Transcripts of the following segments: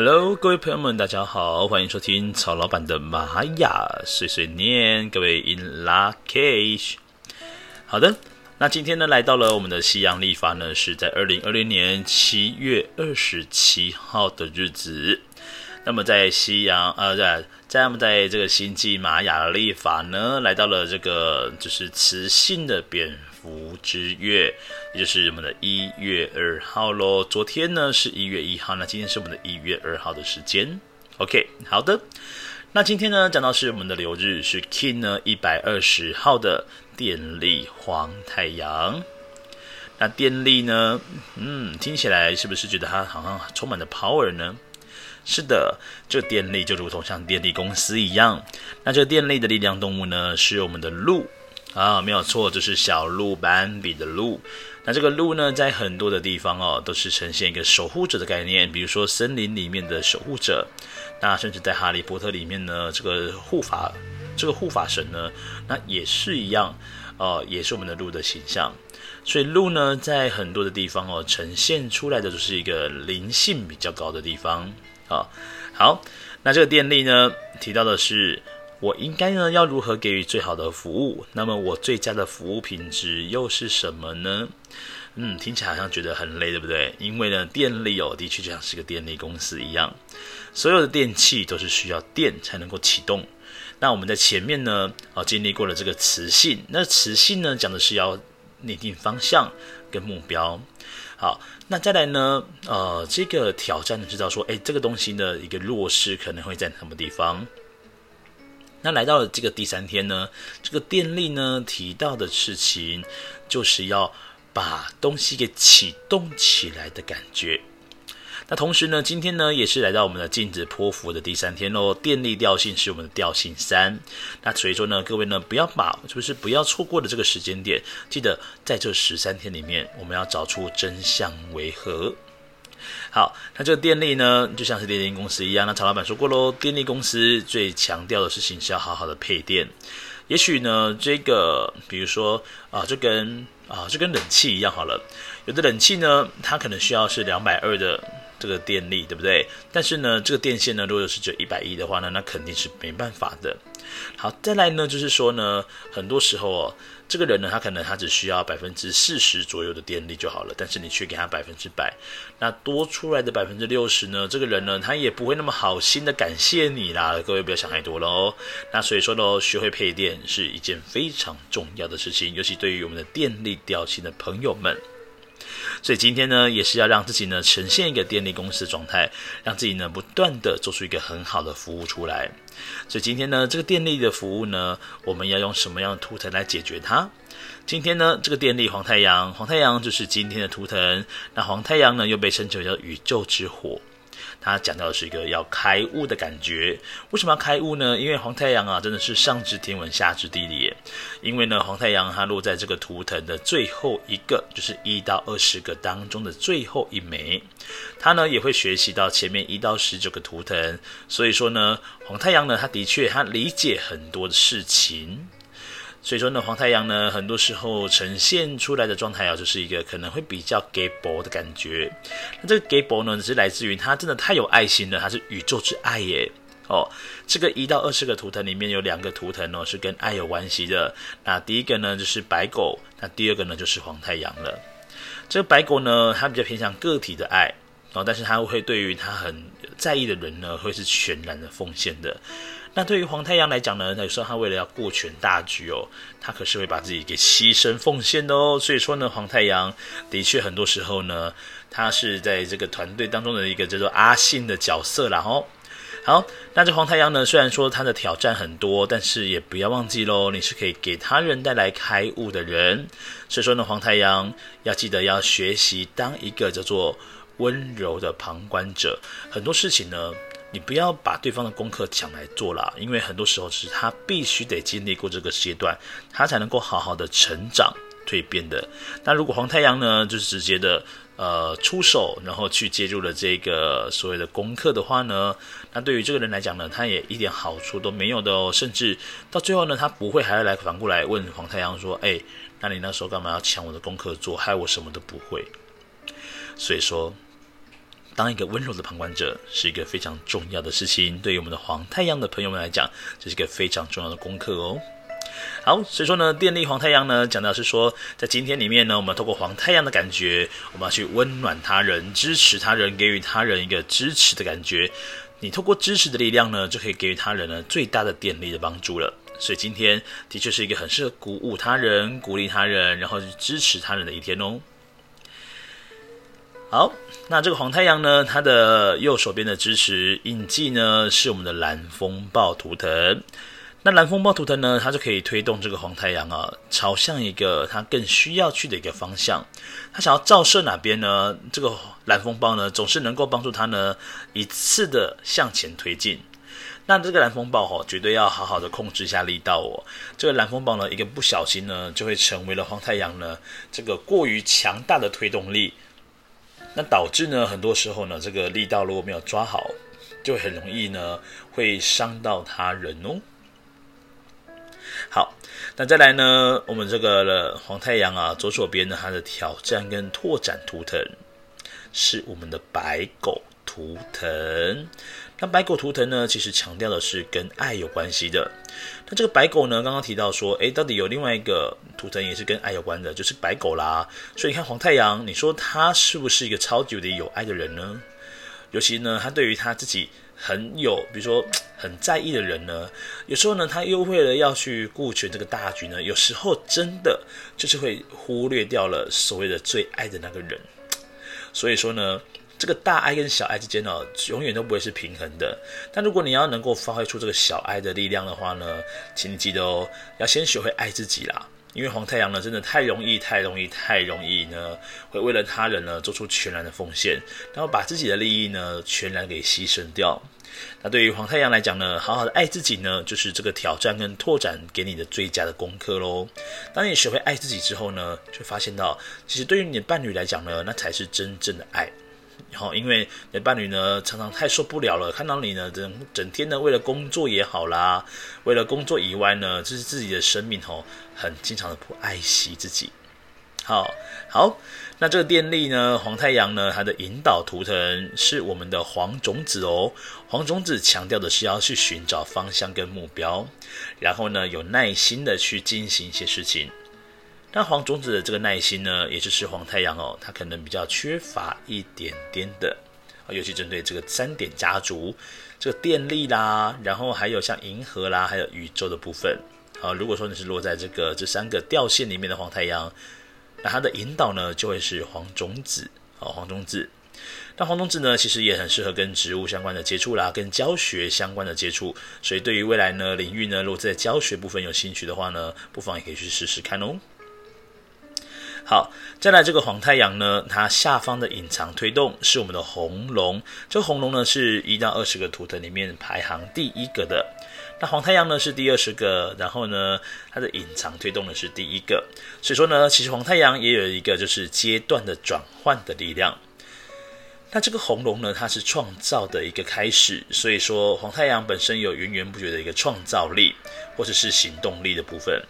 Hello，各位朋友們，大家好，歡迎收聽曹老闆的瑪雅碎碎念。各位 In lak'ech，好的，那今天呢，來到了我們的西洋曆法呢，是在二零二零年七月二十七號的日子。那麼在西洋，呃，在、啊、在我們在這個星際瑪雅曆法呢，來到了這個就是磁性的邊。福之月，也就是我們的一月二號嘍。昨天呢是一月一號，那今天是我們的一月二號的時間。OK，好的。那今天呢講到是我們的流日是 Kin 呢一百二十號的電力黃太陽。那電力呢，嗯，聽起來是不是覺得它好像充滿了 power 呢？是的，這個、電力就如同像電力公司一樣。那這電力的力量動物呢是我們的鹿。啊、哦，沒有錯，就是小鹿斑比的鹿。那這個鹿呢，在很多的地方哦，都是呈現一個守護者的概念，比如說森林裡面的守護者。那甚至在《哈利波特》裡面呢，這個護法，這個護法神呢，那也是一樣，哦，也是我們的鹿的形象。所以鹿呢，在很多的地方哦，呈現出來的就是一個靈性比較高的地方。啊、哦，好，那這個電力呢，提到的是。我應該呢，要如何給予最好的服務？那麼我最佳的服務品質又是什麼呢？嗯，聽起來好像覺得很累，對不對？因為呢，電力哦，的確就像是個電力公司一樣，所有的電器都是需要電才能夠啟動。那我們在前面呢，哦、啊，經歷過了這個磁性，那磁性呢，講的是要擬定方向跟目標。好，那再來呢，呃，這個挑戰呢，知道說，誒，這個東西的一個弱勢可能會在什麼地方？那來到了這個第三天呢，這個電力呢提到的事情，就是要把東西給啟動起來的感覺。那同時呢，今天呢也是來到我們的鏡子波符的第三天哦，電力調性是我們的調性三。那所以說呢，各位呢不要把，就是不要錯過了這個時間點，記得在這十三天裡面，我們要找出真相為何。好，那這個電力呢，就像是電力公司一樣。那曹老板說過嘍，電力公司最強調的事情是要好好的配電。也許呢，這個比如說啊，就跟啊，就跟冷氣一樣好了。有的冷氣呢，它可能需要是兩百二的這個電力，對不對？但是呢，這個電線呢，如果是只有一百一的話呢，那肯定是沒辦法的。好，再來呢，就是說呢，很多時候哦，這個人呢，他可能他只需要百分之四十左右的電力就好了，但是你卻給他百分之百，那多出來的百分之六十呢，這個人呢，他也不會那麼好心的感謝你啦。各位不要想太多了哦。那所以說呢，學會配電是一件非常重要的事情，尤其對於我們的電力調性的朋友們。所以今天呢，也是要讓自己呢呈現一個電力公司的狀態，讓自己呢不斷的做出一個很好的服務出來。所以今天呢，這個電力的服務呢，我們要用什麼樣的圖騰來解決它？今天呢，這個電力黃太陽，黃太陽就是今天的圖騰。那黃太陽呢，又被稱作叫宇宙之火。他講到的是一個要開悟的感覺，為什麼要開悟呢？因為黃太陽啊，真的是上知天文，下知地理。因為呢，黃太陽他落在這個圖騰的最後一個，就是一到二十個當中的最後一枚。他呢，也會學習到前面一到十九個圖騰，所以說呢，黃太陽呢，他的確，他理解很多的事情。所以說呢，黃太陽呢，很多時候呈現出來的狀態啊，就是一個可能會比較 g a boy 的感覺。那這個 g a boy 呢，只是來自於他真的太有愛心了，他是宇宙之愛耶。哦，這個一到二十個圖騰裡面有兩個圖騰哦，是跟愛有關係的。那第一個呢，就是白狗，那第二個呢，就是黃太陽了。這個白狗呢，它比較偏向個體的愛，哦，但是它會對於它很在意的人呢，會是全然的奉獻的。那對於黃太陽來講呢，有時候他為了要顧全大局喔，他可是會把自己給犧牲奉獻的喔。所以說呢，黃太陽的確很多時候呢，他是在這個團隊當中的一個叫做阿信的角色啦喔。好，那這黃太陽呢，雖然說他的挑戰很多，但是也不要忘記嘍，你是可以給他人帶來開悟的人。所以說呢，黃太陽要記得要學習當一個叫做溫柔的旁觀者，很多事情呢。你不要把對方的功課搶來做了，因為很多時候是他必須得經歷過這個階段，他才能夠好好的成長蛻變的。那如果黃太陽呢，就是直接的呃出手，然後去接住了這個所謂的功課的話呢，那對於這個人來講呢，他也一點好處都沒有的哦，甚至到最後呢，他不會還要來反過來問黃太陽說：“哎，那你那時候幹嘛要搶我的功課做，害我什麼都不會。”所以說。當一個溫柔的旁觀者是一個非常重要的事情，對於我們的黃太陽的朋友們來講，這是一個非常重要的功課哦。好，所以說呢，電力黃太陽呢，講到是說，在今天裡面呢，我們透過黃太陽的感覺，我們要去溫暖他人，支持他人，給予他人一個支持的感覺。你透過支持的力量呢，就可以給予他人呢最大的電力的幫助了。所以今天的確是一個很適合鼓舞他人、鼓勵他人，然後去支持他人的一天哦。好，那這個黃太陽呢，它的右手邊的支持印記呢，是我們的藍風暴圖騰。那藍風暴圖騰呢，它就可以推動這個黃太陽啊，朝向一個它更需要去的一個方向。它想要照射哪邊呢？這個藍風暴呢，總是能夠幫助它呢，一次的向前推進。那這個藍風暴哦，絕對要好好的控制一下力道哦。這個藍風暴呢，一個不小心呢，就會成為了黃太陽呢，這個過於強大的推動力。那導致呢，很多時候呢，這個力道如果沒有抓好，就很容易呢會傷到他人哦。好，那再來呢，我們這個黃太陽啊，左手邊呢，它的挑戰跟拓展圖騰是我們的白狗圖騰。那白狗圖騰呢，其實強調的是跟愛有關係的。那這個白狗呢，剛剛提到說，誒、欸，到底有另外一個圖騰也是跟愛有關的,就是白狗啦。所以你看黃太陽，你說他是不是一個超級的有愛的人呢？尤其呢，他對於他自己很有，比如說很在意的人呢，有時候呢，他又為了要去顧全這個大局呢，有時候真的就是會忽略掉了所謂的最愛的那個人。所以說呢。這個大愛跟小愛之間呢、哦，永遠都不會是平衡的。但如果你要能夠發揮出這個小愛的力量的話呢，請你記得哦，要先學會愛自己啦。因為黃太陽呢，真的太容易、太容易、太容易呢，會為了他人呢做出全然的奉獻，然後把自己的利益呢全然給犧牲掉。那對於黃太陽來講呢，好好的愛自己呢，就是這個挑戰跟拓展給你的最佳的功課嘍。當你學會愛自己之後呢，就發現到，其實對於你的伴侶來講呢，那才是真正的愛。然後因為你的伴侶呢，常常太受不了了。看到你呢，整整天呢，為了工作也好啦，為了工作以外呢，就是自己的生命哦，很經常的不愛惜自己。好，好，那這個電力呢，黃太陽呢，它的引導圖騰是我們的黃種子哦。黃種子強調的是要去尋找方向跟目標，然後呢，有耐心的去進行一些事情。但黃種子的這個耐心呢，也就是黃太陽哦，它可能比較缺乏一點點的，尤其針對這個三點家族，這個電力啦，然後還有像銀河啦，還有宇宙的部分啊。如果說你是落在這個這三個調性裡面的黃太陽，那它的引導呢，就會是黃種子哦，黃種子。但黃種子呢，其實也很適合跟植物相關的接觸啦，跟教學相關的接觸。所以對於未來呢，領域呢，如果在教學部分有興趣的話呢，不妨也可以去試試看哦。好，再來這個黃太陽呢，它下方的隱藏推動是我們的紅龍。這個紅龍呢是一到二十個圖騰裡面排行第一個的，那黃太陽呢是第二十個，然後呢它的隱藏推動呢是第一個，所以說呢，其實黃太陽也有一個就是階段的轉換的力量。那這個紅龍呢，它是創造的一個開始，所以說黃太陽本身有源源不絕的一個創造力，或者是，是行動力的部分。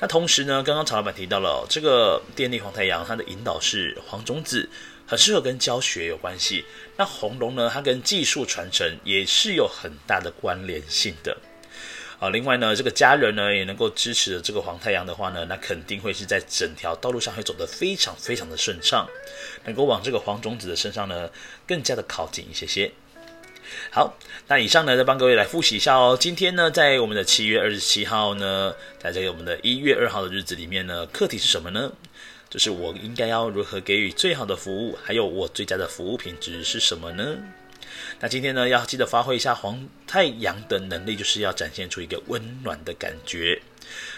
那同時呢，剛剛曹老板提到了這個電力黃太陽，它的引導是黃種子，很適合跟教學有關係。那紅龍呢，它跟技術傳承也是有很大的關聯性的。啊，另外呢，這個家人呢也能夠支持這個黃太陽的話呢，那肯定會是在整條道路上會走得非常非常的順暢，能夠往這個黃種子的身上呢更加的靠近一些些。好，那以上呢再幫各位來複習一下哦。今天呢，在我們的七月二十七號呢，在這個我們的一月二號的日子裡面呢，課題是什麼呢？就是我應該要如何給予最好的服務，還有我最佳的服務品質是什麼呢？那今天呢，要記得發揮一下黃太陽的能力，就是要展現出一個溫暖的感覺。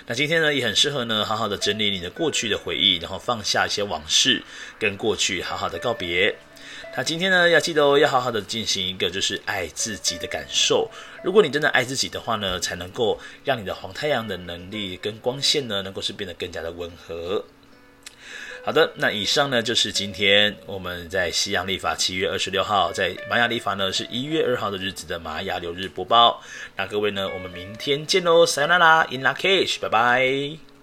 那今天呢，也很適合呢，好好的整理你的過去的回憶，然後放下一些往事，跟過去好好的告別。那今天呢，要記得哦，要好好的進行一個就是愛自己的感受。如果你真的愛自己的話呢，才能夠讓你的黃太陽的能力跟光線呢，能夠是變得更加的溫和。好的，那以上呢就是今天我們在西洋曆法七月二十六號，在瑪雅曆法呢是一月二號的日子的瑪雅流日播報。那各位呢，我們明天見嘍，Sayonara，In lak'ech，拜拜。